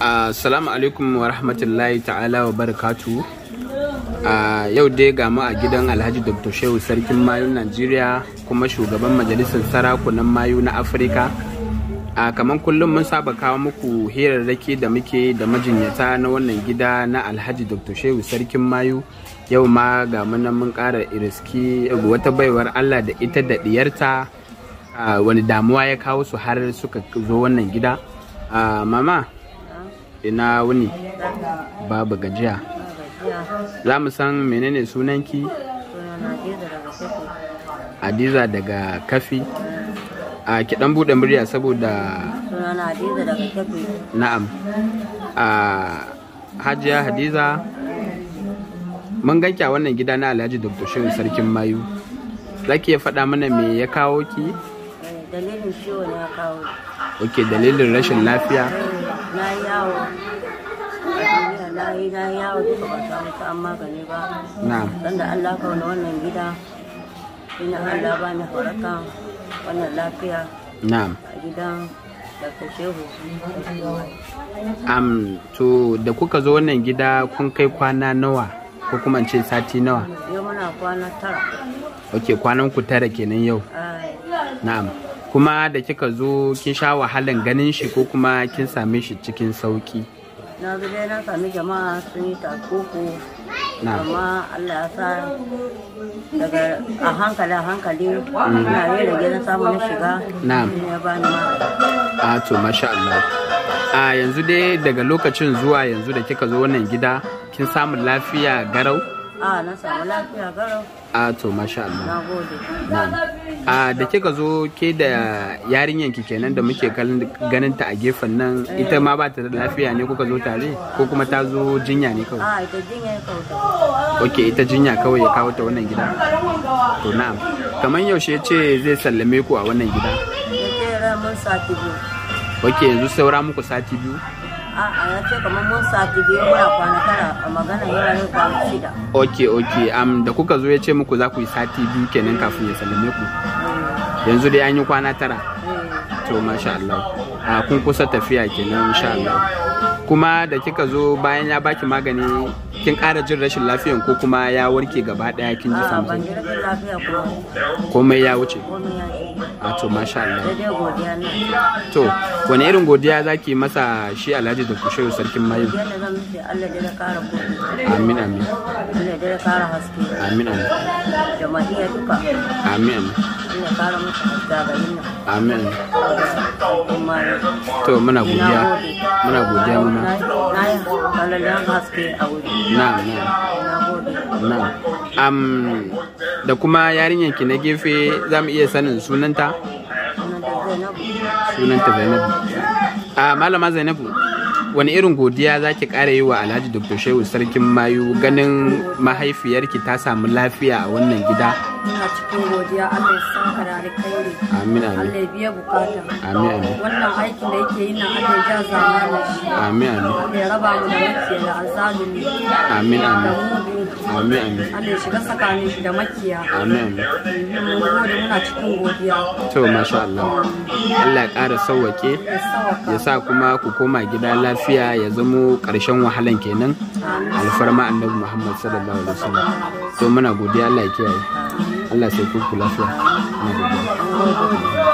Assalamu alaikum wa rahmatullahi ta'ala wa barakatu. Yau dai ga mu a gidan Alhaji Dr. Shehu Sarkin Mayu Najeriya kuma shugaban majalisar sarakunan Mayu na Afirka. A kaman kullum mun saba kawo muku hirarraki da muke da majinyata na wannan gida na Alhaji Dr. Shehu Sarkin Mayu. Yau ma ga mun nan mun ƙara iriski wata baiwar Allah da ita da ɗiyarta. wani damuwa ya kawo su har suka zo wannan gida. Mama, ina wuni babu gajiya za mu san menene sunanki adiza daga kafi a kiɗan buɗe murya saboda na'am a hajiya hadiza mun ganki a wannan gida na alhaji dr shehu sarkin mayu za ki faɗa mana me ya kawo ki eh, dalilin ne ya kawo ok dalilin rashin lafiya na yi yawo na yi yawo magani ba sanda allah kauna wannan wannan lafiya a gidan Um, to da kuka zo wannan gida kun kai kwana nawa ko kuma ce sati nawa? Yau muna kwana tara. Ok, kwanan ku tara kenan yau. Na'am. kuma da kika zo kin sha wahalan ganin shi ko kuma kin same shi cikin sauki na zo dai na sami jama'a sun yi takoko amma Allah ya sa daga a hankali a hankali mm. na yi da gina samu na shiga ya ni ma a ah, to masha Allah a ah, yanzu dai daga lokacin zuwa yanzu da kika zo wannan gida kin samu lafiya garau Ah, a ah, to masha Allah a ah, da kika zo ke da yarinyan ki kenan da muke ganin ta a gefen nan eh. ita ma ba ta da lafiya ne kuka zo tare ko kuma ta zo jinya ne kawai ita jinya kawai ok ita jinya kawai ya kawo ta wannan gida to na'am kamar yaushe ce zai sallame ku a wannan gida ok yanzu saura muku sati biyu oke ah, ya Ok ok am da kuka zo ya ce muku za ku yi sati biyu kenan kafin ya sallame ku. Eh. Yanzu dai an yi kwana tara. Eh. To masha Allah. A ah, kun kusa tafiya kenan insha Allah. Kuma da kika zo bayan ya baki magani kin ƙara jin rashin lafiyan ko kuma ya warke gaba ɗaya kin ji ah, samu. Komai ya wuce. Komai ya wuce. a ah, to masha Allah to wani irin godiya zaki masa shi alhaji da kushe sarkin mayu amin amin amin amin amin amin to muna godiya muna godiya muna na na nan da kuma yarinyar ki na gefe za mu iya sanin sunanta sunanta zainabu a malama zainabu wani irin godiya za ki ƙara yi wa alhaji dr shehu sarkin mayu ganin mahaifiyarki ta samu lafiya a wannan gida muna cikin godiya allah ya saka da alkhairi amin amin allah ya biya bukata amin amin wannan aiki da yake yi na allah ya ja shi. amin amin allah ya raba mu da mace da azalumi amin amin Amin amin. Allah ya shiga tsakanin shi da makiya. Amin. Mun muna cikin godiya. To masha Allah. Allah ya ƙara sauwake. Ya sa kuma ku koma gida lafiya ya zamo ƙarshen wahalan kenan. Alfarma Annabi Muhammad sallallahu alaihi wasallam. To muna godiya Allah ya kiyaye. Allah sai ku lafiya. Muna